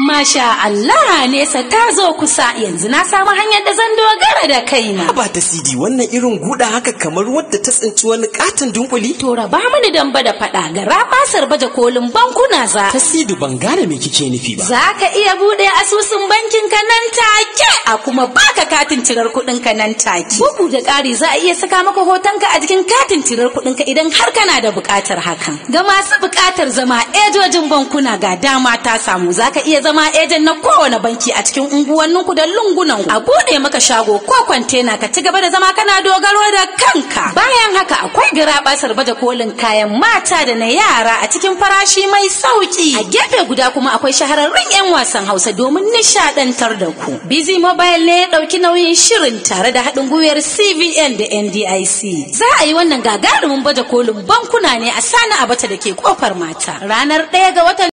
Masha Allah nesa ta zo kusa yanzu na samu hanyar da zan dogara da kaina. Ba ta sidi wannan irin guda haka kamar wadda ta tsinci wani katin dunkuli? To raba mini damba da fada ga rafasar baje kolin bankuna za. Ta CD ban gane me kike nufi ba. Za ka iya bude asusun bankin ka nan take a kuma baka katin cirar kuɗin ka nan take. Bugu da ƙari za a iya saka maka hoton ka a jikin katin cirar kuɗin ka idan har kana da buƙatar hakan. Ga masu buƙatar zama ejojin bankuna ga dama ta samu za ka iya zama ejen na kowane banki a cikin unguwannin ku da lungunan ku a buɗe maka shago ko kwantena ka ci gaba da zama kana dogaro da kanka bayan haka akwai giraɓasar baje kolin kayan mata da na yara a cikin farashi mai sauki a gefe guda kuma akwai shahararrun 'yan wasan hausa domin nishaɗantar da ku busy mobile ne ya ɗauki nauyin shirin tare da haɗin gwiwar CVN da ndic za a yi wannan gagarumin baje kolin bankuna ne a sani abata da ke kofar mata ranar ɗaya ga watan